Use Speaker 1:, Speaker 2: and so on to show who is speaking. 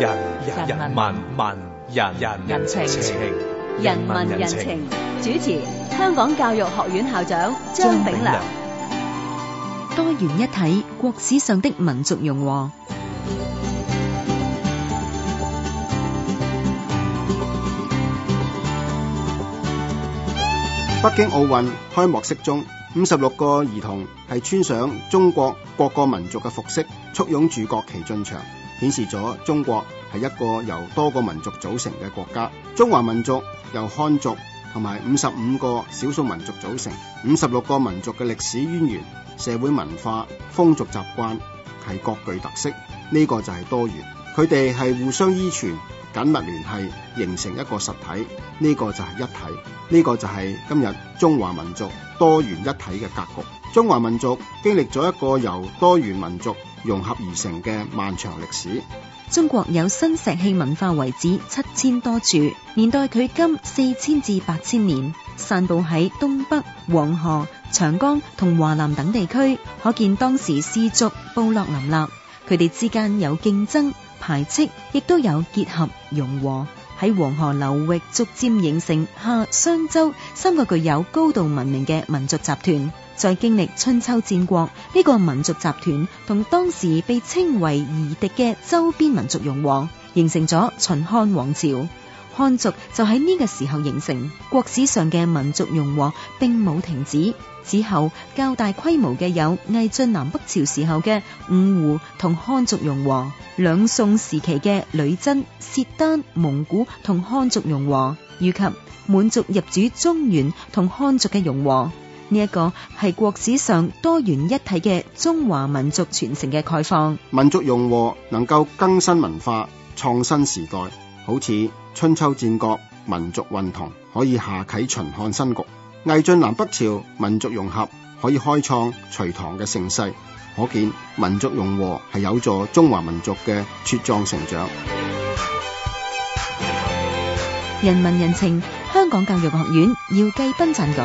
Speaker 1: 人人民民人人情情，
Speaker 2: 人民人情，
Speaker 1: 主持香港教育學院校長張炳良，張炳良。多元一體，國史上的民族融和。
Speaker 2: 北京奧運開幕式中。五十六個兒童係穿上中國各個民族嘅服飾，簇擁住國旗進場，顯示咗中國係一個由多個民族組成嘅國家。中華民族由漢族同埋五十五個少數民族組成，五十六個民族嘅歷史淵源、社會文化、風俗習慣係各具特色，呢、這個就係多元。佢哋係互相依存。緊密聯繫，形成一個實體，呢個就係一體，呢個就係今日中華民族多元一體嘅格局。中華民族經歷咗一個由多元民族融合而成嘅漫長歷史。
Speaker 1: 中國有新石器文化遺址七千多處，年代距今四千至八千年，散布喺東北、黃河、長江同華南等地區，可見當時氏族部落林立，佢哋之間有競爭。排斥，亦都有結合融和，喺黃河流域逐漸形成夏商、周三個具有高度文明嘅民族集團，在經歷春秋戰國呢、這個民族集團同當時被稱為夷狄嘅周邊民族融和，形成咗秦漢王朝。漢族就喺呢個時候形成，國史上嘅民族融和並冇停止。之後較大規模嘅有魏晉南北朝時候嘅五胡同漢族融和，兩宋時期嘅女真、契丹、蒙古同漢族融和，以及滿族入主中原同漢族嘅融和。呢、這、一個係國史上多元一體嘅中華民族傳承嘅概況。
Speaker 2: 民族融和能夠更新文化，創新時代。好似春秋戰國民族混同，可以下啟秦漢新局；魏晉南北朝民族融合，可以開創隋唐嘅盛世。可見民族融合係有助中華民族嘅茁壯成長。
Speaker 1: 人民人情，香港教育學院姚繼斌撰稿。